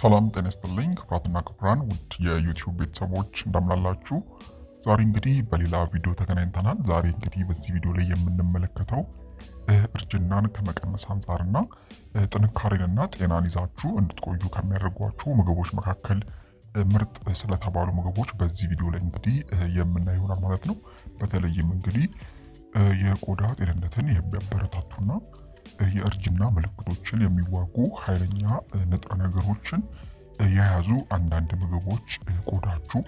ሰላም ጤና ይስጥልኝ ክቡራትና ክቡራን ውድ የዩቲዩብ ቤተሰቦች እንደምናላችሁ። ዛሬ እንግዲህ በሌላ ቪዲዮ ተገናኝተናል። ዛሬ እንግዲህ በዚህ ቪዲዮ ላይ የምንመለከተው እርጅናን ከመቀነስ አንጻርና ጥንካሬንና ጤናን ይዛችሁ እንድትቆዩ ከሚያደርጓችሁ ምግቦች መካከል ምርጥ ስለተባሉ ምግቦች በዚህ ቪዲዮ ላይ እንግዲህ የምና ይሆናል ማለት ነው። በተለይም እንግዲህ የቆዳ ጤንነትን የሚያበረታቱና የእርጅና ምልክቶችን የሚዋጉ ኃይለኛ ንጥረ ነገሮችን የያዙ አንዳንድ ምግቦች ቆዳችሁ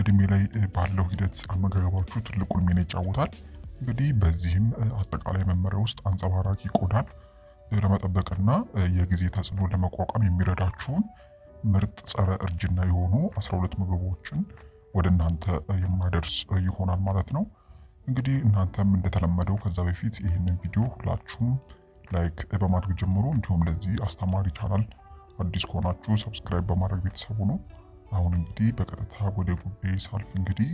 እድሜ ላይ ባለው ሂደት አመጋገባችሁ ትልቁን ሚና ይጫወታል። እንግዲህ በዚህም አጠቃላይ መመሪያ ውስጥ አንጸባራቂ ቆዳን ለመጠበቅና የጊዜ ተጽዕኖ ለመቋቋም የሚረዳችሁን ምርጥ ጸረ እርጅና የሆኑ 12 ምግቦችን ወደ እናንተ የማደርስ ይሆናል ማለት ነው። እንግዲህ እናንተም እንደተለመደው ከዛ በፊት ይህንን ቪዲዮ ሁላችሁም ላይክ በማድረግ ጀምሩ። እንዲሁም ለዚህ አስተማሪ ቻናል አዲስ ከሆናችሁ ሰብስክራይብ በማድረግ ቤተሰቡ ነው። አሁን እንግዲህ በቀጥታ ወደ ጉዳይ ሳልፍ እንግዲህ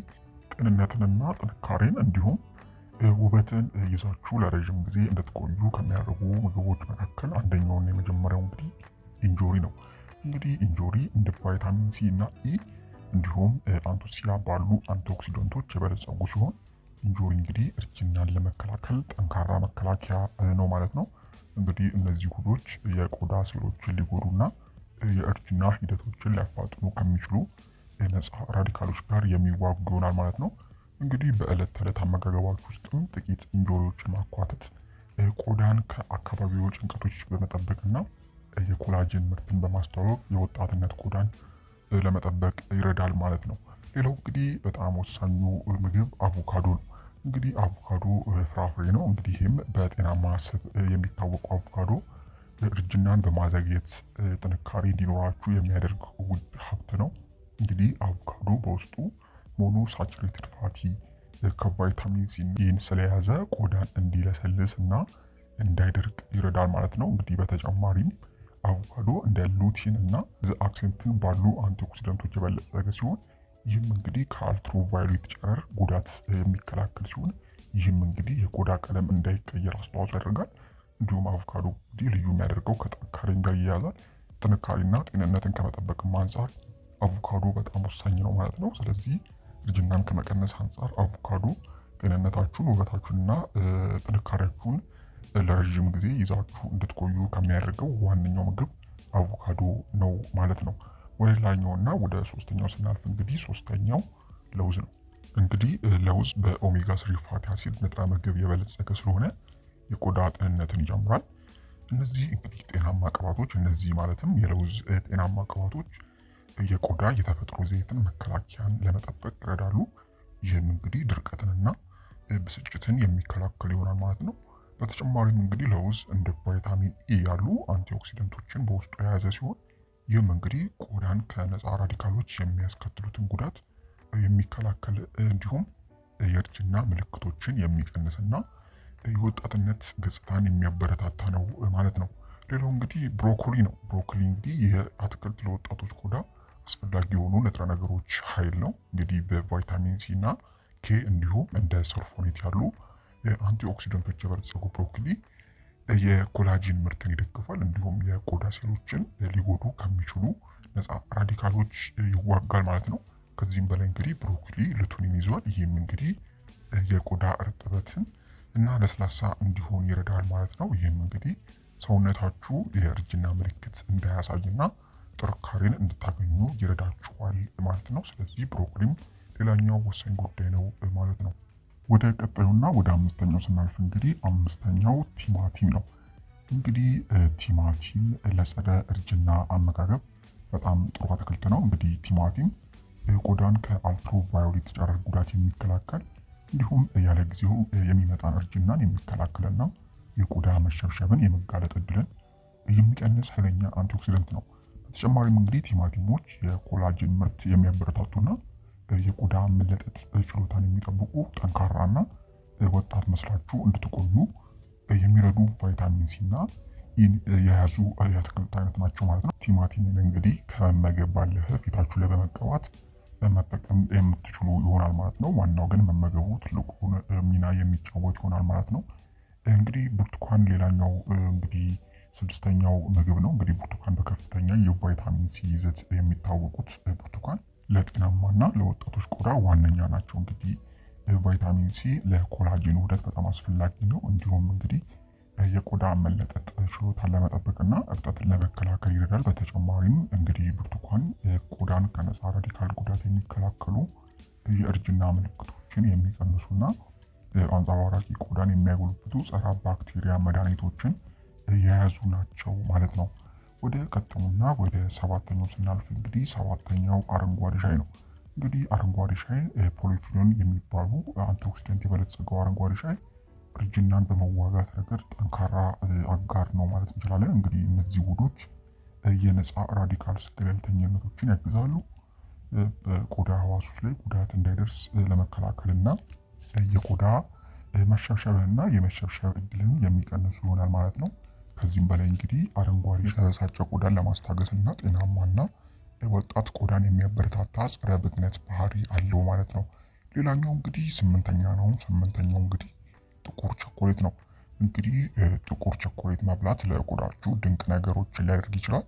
ቅንነትንና ጥንካሬን እንዲሁም ውበትን ይዛችሁ ለረዥም ጊዜ እንድትቆዩ ከሚያደርጉ ምግቦች መካከል አንደኛውና የመጀመሪያው እንግዲህ እንጆሪ ነው። እንግዲህ እንጆሪ እንደ ቫይታሚን ሲ እና ኢ እንዲሁም አንቶሲያ ባሉ አንቲኦክሲደንቶች የበለጸጉ ሲሆን እንጆሪ እንግዲህ እርጅናን ለመከላከል ጠንካራ መከላከያ ነው ማለት ነው። እንግዲህ እነዚህ ሁዶች የቆዳ ስሎችን ሊጎዱና የእርጅና ሂደቶችን ሊያፋጥኑ ከሚችሉ ነፃ ራዲካሎች ጋር የሚዋጉ ይሆናል ማለት ነው። እንግዲህ በዕለት ተዕለት አመጋገባች ውስጥም ጥቂት እንጆሪዎችን ማኳተት ቆዳን ከአካባቢው ጭንቀቶች በመጠበቅና የኮላጅን ምርትን በማስተዋወቅ የወጣትነት ቆዳን ለመጠበቅ ይረዳል ማለት ነው። ሌላው እንግዲህ በጣም ወሳኙ ምግብ አቮካዶ ነው። እንግዲህ አቮካዶ ፍራፍሬ ነው። እንግዲህ ይህም በጤናማ ስብ የሚታወቁ አቮካዶ እርጅናን በማዘግየት ጥንካሬ እንዲኖራችሁ የሚያደርግ ውድ ሀብት ነው። እንግዲህ አቮካዶ በውስጡ ሞኖ ሳቹሬትድ ፋቲ ከቫይታሚን ሲ ይህን ስለያዘ ቆዳን እንዲለሰልስ እና እንዳይደርቅ ይረዳል ማለት ነው። እንግዲህ በተጨማሪም አቮካዶ እንደ ሉቲን እና ዘአክሲንትን ባሉ አንቲኦክሲደንቶች የበለጸገ ሲሆን ይህም እንግዲህ ከአልትሮቫዮሌት ጨረር ጉዳት የሚከላከል ሲሆን ይህም እንግዲህ የቆዳ ቀለም እንዳይቀየር አስተዋጽኦ ያደርጋል። እንዲሁም አቮካዶ እንግዲህ ልዩ የሚያደርገው ከጥንካሬም ጋር ይያያዛል። ጥንካሬና ጤንነትን ከመጠበቅም አንጻር አቮካዶ በጣም ወሳኝ ነው ማለት ነው። ስለዚህ እርጅናን ከመቀነስ አንጻር አቮካዶ ጤንነታችሁን፣ ውበታችሁንና ጥንካሬያችሁን ለረዥም ጊዜ ይዛችሁ እንድትቆዩ ከሚያደርገው ዋነኛው ምግብ አቮካዶ ነው ማለት ነው። ወደ ሌላኛውና ወደ ሶስተኛው ስናልፍ እንግዲህ ሶስተኛው ለውዝ ነው። እንግዲህ ለውዝ በኦሜጋ ስሪ ፋቲ አሲድ ንጥረ ምግብ የበለጸገ ስለሆነ የቆዳ ጤንነትን ይጨምራል። እነዚህ እንግዲህ ጤናማ ቅባቶች እነዚህ ማለትም የለውዝ ጤናማ ቅባቶች የቆዳ የተፈጥሮ ዘይትን መከላከያን ለመጠበቅ ይረዳሉ። ይህም እንግዲህ ድርቀትንና ብስጭትን የሚከላከል ይሆናል ማለት ነው። በተጨማሪም እንግዲህ ለውዝ እንደ ቫይታሚን ኢ ያሉ አንቲኦክሲደንቶችን በውስጡ የያዘ ሲሆን ይህም እንግዲህ ቆዳን ከነፃ ራዲካሎች የሚያስከትሉትን ጉዳት የሚከላከል እንዲሁም የእርጅና ምልክቶችን የሚቀንስና የወጣትነት ገጽታን የሚያበረታታ ነው ማለት ነው። ሌላው እንግዲህ ብሮኮሊ ነው። ብሮኮሊ እንግዲህ ይህ አትክልት ለወጣቶች ቆዳ አስፈላጊ የሆኑ ንጥረ ነገሮች ኃይል ነው። እንግዲህ በቫይታሚን ሲ እና ኬ እንዲሁም እንደ ሰርፎኔት ያሉ አንቲኦክሲደንቶች የበለጸጉ ብሮኮሊ የኮላጂን ምርትን ይደግፋል። እንዲሁም የቆዳ ሴሎችን ሊጎዱ ከሚችሉ ነፃ ራዲካሎች ይዋጋል ማለት ነው። ከዚህም በላይ እንግዲህ ብሮኮሊ ልቱኒን ይዟል። ይህም እንግዲህ የቆዳ እርጥበትን እና ለስላሳ እንዲሆን ይረዳል ማለት ነው። ይህም እንግዲህ ሰውነታችሁ የእርጅና ምልክት እንዳያሳይና ጥንካሬን እንድታገኙ ይረዳችኋል ማለት ነው። ስለዚህ ብሮኮሊም ሌላኛው ወሳኝ ጉዳይ ነው ማለት ነው። ወደ ቀጣዩና ወደ አምስተኛው ስናልፍ እንግዲህ አምስተኛው ቲማቲም ነው። እንግዲህ ቲማቲም ለጸረ እርጅና አመጋገብ በጣም ጥሩ አትክልት ነው። እንግዲህ ቲማቲም ቆዳን ከአልትራቫዮሌት ጨረር ጉዳት የሚከላከል እንዲሁም ያለ ጊዜው የሚመጣን እርጅናን የሚከላከልና የቆዳ መሸብሸብን የመጋለጥ እድልን የሚቀንስ ኃይለኛ አንቲኦክሲደንት ነው። በተጨማሪም እንግዲህ ቲማቲሞች የኮላጅን ምርት የሚያበረታቱና የቆዳ መለጠጥ ችሎታን የሚጠብቁ ጠንካራና ወጣት መስላችሁ እንድትቆዩ የሚረዱ ቫይታሚን ሲ እና የያዙ የአትክልት አይነት ናቸው ማለት ነው። ቲማቲምን እንግዲህ ከመመገብ ባለፈ ፊታችሁ ላይ በመቀባት መጠቀም የምትችሉ ይሆናል ማለት ነው። ዋናው ግን መመገቡ ትልቁን ሚና የሚጫወት ይሆናል ማለት ነው። እንግዲህ ብርቱካን ሌላኛው እንግዲህ ስድስተኛው ምግብ ነው። እንግዲህ ብርቱካን በከፍተኛ የቫይታሚን ሲ ይዘት የሚታወቁት ብርቱካን ለጤናማና ለወጣቶች ቆዳ ዋነኛ ናቸው። እንግዲህ ቫይታሚን ሲ ለኮላጅን ውህደት በጣም አስፈላጊ ነው። እንዲሁም እንግዲህ የቆዳ መለጠጥ ችሎታን ለመጠበቅና እብጠትን ለመከላከል ይረዳል። በተጨማሪም እንግዲህ ብርቱካን ቆዳን ከነፃ ራዲካል ጉዳት የሚከላከሉ የእርጅና ምልክቶችን የሚቀንሱና አንጸባራቂ ቆዳን የሚያጎልብቱ ጸረ ባክቴሪያ መድኃኒቶችን የያዙ ናቸው ማለት ነው። ወደ ቀጥሙና ወደ ሰባተኛው ስናልፍ እንግዲህ ሰባተኛው አረንጓዴ ሻይ ነው። እንግዲህ አረንጓዴ ሻይ ፖሊፊኖል የሚባሉ አንቲኦክሲደንት የበለጸገው አረንጓዴ ሻይ እርጅናን በመዋጋት ረገድ ጠንካራ አጋር ነው ማለት እንችላለን። እንግዲህ እነዚህ ውዶች የነፃ ራዲካልስ ገለልተኝነቶችን ያግዛሉ፣ በቆዳ ህዋሶች ላይ ጉዳት እንዳይደርስ ለመከላከልና የቆዳ መሸብሸብንና የመሸብሸብ እድልን የሚቀንሱ ይሆናል ማለት ነው። ከዚህም በላይ እንግዲህ አረንጓዴ የተበሳጨ ቆዳን ለማስታገስ እና ጤናማና ወጣት ቆዳን የሚያበረታታ ጸረ ብግነት ባህሪ አለው ማለት ነው። ሌላኛው እንግዲህ ስምንተኛ ነው። ስምንተኛው እንግዲህ ጥቁር ቸኮሌት ነው። እንግዲህ ጥቁር ቸኮሌት መብላት ለቆዳችሁ ድንቅ ነገሮች ሊያደርግ ይችላል።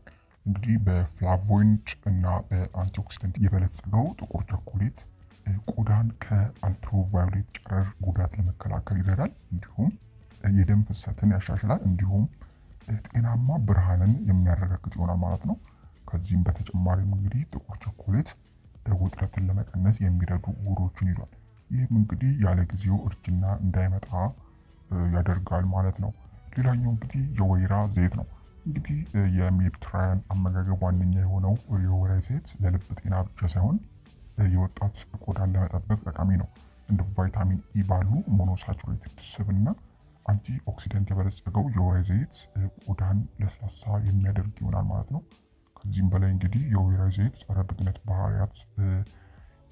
እንግዲህ በፍላቮይንድ እና በአንቲኦክሲደንት የበለጸገው ጥቁር ቸኮሌት ቆዳን ከአልትሮቫዮሌት ጨረር ጉዳት ለመከላከል ይረዳል። እንዲሁም የደም ፍሰትን ያሻሽላል። እንዲሁም ጤናማ ብርሃንን የሚያረጋግጥ ይሆናል ማለት ነው። ከዚህም በተጨማሪም እንግዲህ ጥቁር ቸኮሌት ውጥረትን ለመቀነስ የሚረዱ ውህዶችን ይዟል። ይህም እንግዲህ ያለ ጊዜው እርጅና እንዳይመጣ ያደርጋል ማለት ነው። ሌላኛው እንግዲህ የወይራ ዘይት ነው። እንግዲህ የሜዲትራያን አመጋገብ ዋነኛ የሆነው የወይራ ዘይት ለልብ ጤና ብቻ ሳይሆን የወጣት ቆዳን ለመጠበቅ ጠቃሚ ነው። እንደ ቫይታሚን ኢ ባሉ ሞኖሳቹሬትድ ስብና አንቲ ኦክሲደንት የበለጸገው የወይራ ዘይት ቆዳን ለስላሳ የሚያደርግ ይሆናል ማለት ነው። ከዚህም በላይ እንግዲህ የወይራ ዘይት ጸረ ብግነት ባህሪያት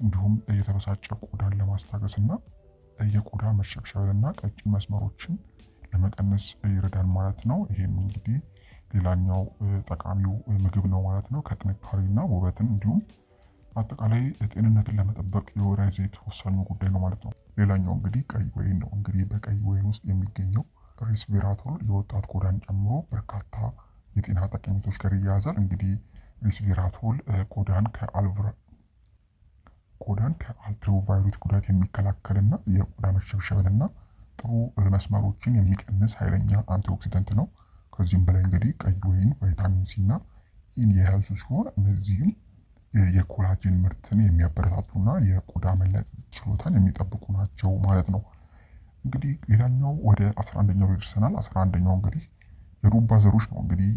እንዲሁም የተበሳጨ ቆዳን ለማስታገስ እና የቆዳ መሸብሸብንና ቀጭን መስመሮችን ለመቀነስ ይረዳል ማለት ነው። ይህም እንግዲህ ሌላኛው ጠቃሚው ምግብ ነው ማለት ነው። ከጥንካሬና ውበትን እንዲሁም አጠቃላይ ጤንነትን ለመጠበቅ የወይራ ዘይት ወሳኙ ጉዳይ ነው ማለት ነው። ሌላኛው እንግዲህ ቀይ ወይን ነው። እንግዲህ በቀይ ወይን ውስጥ የሚገኘው ሪስቪራቶል የወጣት ቆዳን ጨምሮ በርካታ የጤና ጠቀሜቶች ጋር ይያያዛል። እንግዲህ ሪስቪራቶል ቆዳን ቆዳን ከአልትራቫዮሌት ጉዳት የሚከላከልና የቆዳ መሸብሸብንና ጥሩ መስመሮችን የሚቀንስ ኃይለኛ አንቲኦክሲደንት ነው። ከዚህም በላይ እንግዲህ ቀይ ወይን ቫይታሚን ሲና ኢን የያዙ ሲሆን እነዚህም የኮላጅን ምርትን የሚያበረታቱና የቆዳ መለጥ ችሎታን የሚጠብቁ ናቸው ማለት ነው። እንግዲህ ሌላኛው ወደ አስራ አንደኛው ይደርሰናል። አስራ አንደኛው እንግዲህ የዱባ ዘሮች ነው። እንግዲህ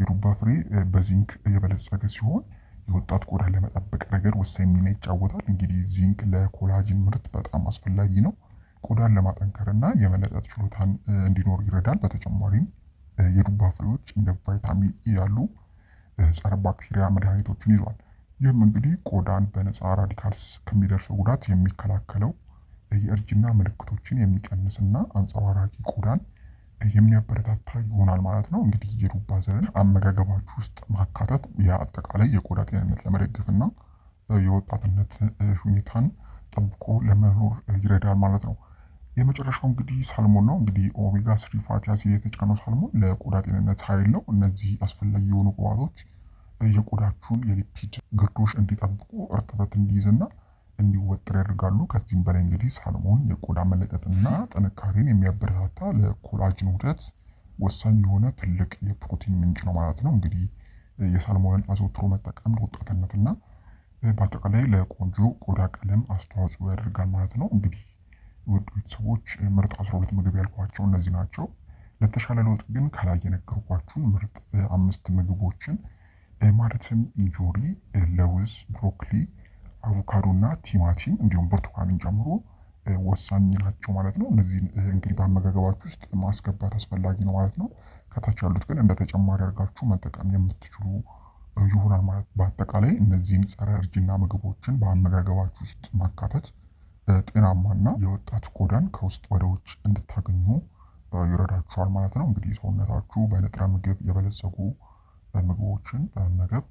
የዱባ ፍሬ በዚንክ የበለጸገ ሲሆን የወጣት ቆዳ ለመጠበቅ ረገድ ወሳኝ ሚና ይጫወታል። እንግዲህ ዚንክ ለኮላጅን ምርት በጣም አስፈላጊ ነው። ቆዳን ለማጠንከርና የመለጠጥ ችሎታን እንዲኖር ይረዳል። በተጨማሪም የዱባ ፍሬዎች እንደ ቫይታሚን ኢ ያሉ ጸረ ባክቴሪያ መድኃኒቶችን ይዟል። ይህም እንግዲህ ቆዳን በነፃ ራዲካልስ ከሚደርሰው ጉዳት የሚከላከለው የእርጅና ምልክቶችን የሚቀንስና አንጸባራቂ ቆዳን የሚያበረታታ ይሆናል ማለት ነው። እንግዲህ የዱባ ዘርን አመጋገባችሁ ውስጥ ማካተት የአጠቃላይ የቆዳ ጤንነት ለመደገፍና የወጣትነት ሁኔታን ጠብቆ ለመኖር ይረዳል ማለት ነው። የመጨረሻው እንግዲህ ሳልሞን ነው። እንግዲህ ኦሜጋ ስሪ ፋቲ አሲድ የተጫነው ሳልሞን ለቆዳ ጤንነት ኃይል ነው። እነዚህ አስፈላጊ የሆኑ ቅባቶች የቆዳችሁን የሊፒድ ግርዶሽ እንዲጠብቁ እርጥበት እንዲይዝና እንዲወጥር ያደርጋሉ። ከዚህም በላይ እንግዲህ ሳልሞን የቆዳ መለጠጥና ጥንካሬን የሚያበረታታ ለኮላጅን ውህደት ወሳኝ የሆነ ትልቅ የፕሮቲን ምንጭ ነው ማለት ነው። እንግዲህ የሳልሞንን አዘውትሮ መጠቀም ለወጣትነትና በአጠቃላይ ለቆንጆ ቆዳ ቀለም አስተዋጽኦ ያደርጋል ማለት ነው። እንግዲህ ውድ ቤተሰቦች ምርጥ 12 ምግብ ያልኳቸው እነዚህ ናቸው። ለተሻለ ለውጥ ግን ከላይ የነገርኳችሁን ምርጥ አምስት ምግቦችን ማለትም እንጆሪ፣ ለውዝ፣ ብሮኮሊ፣ አቮካዶ እና ቲማቲም እንዲሁም ብርቱካንን ጨምሮ ወሳኝ ናቸው ማለት ነው። እነዚህ እንግዲህ በአመጋገባችሁ ውስጥ ማስገባት አስፈላጊ ነው ማለት ነው። ከታች ያሉት ግን እንደ ተጨማሪ አድርጋችሁ መጠቀም የምትችሉ ይሆናል ማለት። በአጠቃላይ እነዚህን ጸረ እርጅና ምግቦችን በአመጋገባችሁ ውስጥ ማካተት ጤናማና የወጣት ቆዳን ከውስጥ ወደ ውጭ እንድታገኙ ይረዳችኋል ማለት ነው። እንግዲህ ሰውነታችሁ በንጥረ ምግብ የበለጸጉ ምግቦችን መመገብ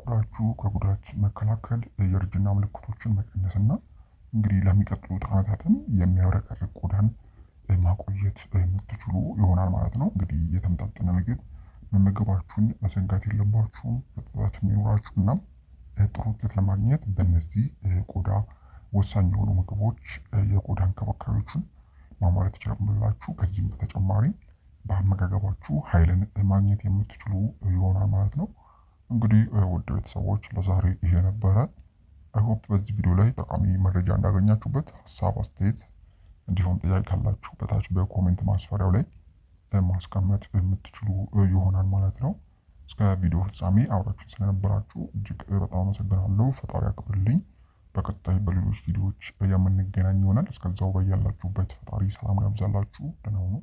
ቆዳችሁ ከጉዳት መከላከል የእርጅና ምልክቶችን መቀነስ እና እንግዲህ ለሚቀጥሉት አመታትም የሚያብረቀርቅ ቆዳን ማቆየት የምትችሉ ይሆናል ማለት ነው። እንግዲህ የተመጣጠነ ምግብ መመገባችሁን መዘንጋት የለባችሁም መጠጣት የሚኖራችሁ እና ጥሩ ውጤት ለማግኘት በእነዚህ ቆዳ ወሳኝ የሆኑ ምግቦች የቆዳ እንክብካቤዎችን ማሟላት ትችላላችሁ። ከዚህም በተጨማሪ በአመጋገባችሁ ኃይልን ማግኘት የምትችሉ ይሆናል ማለት ነው። እንግዲህ ውድ ቤተሰቦች ለዛሬ ይሄ ነበረ። አይሆፕ በዚህ ቪዲዮ ላይ ጠቃሚ መረጃ እንዳገኛችሁበት፣ ሀሳብ አስተያየት፣ እንዲሁም ጥያቄ ካላችሁ በታች በኮሜንት ማስፈሪያው ላይ ማስቀመጥ የምትችሉ ይሆናል ማለት ነው። እስከ ቪዲዮ ፍጻሜ አብራችሁን ስለነበራችሁ እጅግ በጣም አመሰግናለሁ። ፈጣሪ አክብርልኝ በቀጣይ በሌሎች ቪዲዮዎች የምንገናኝ ይሆናል። እስከዛው በያላችሁበት ፈጣሪ ሰላም ያብዛላችሁ። ደህና ሁኑ።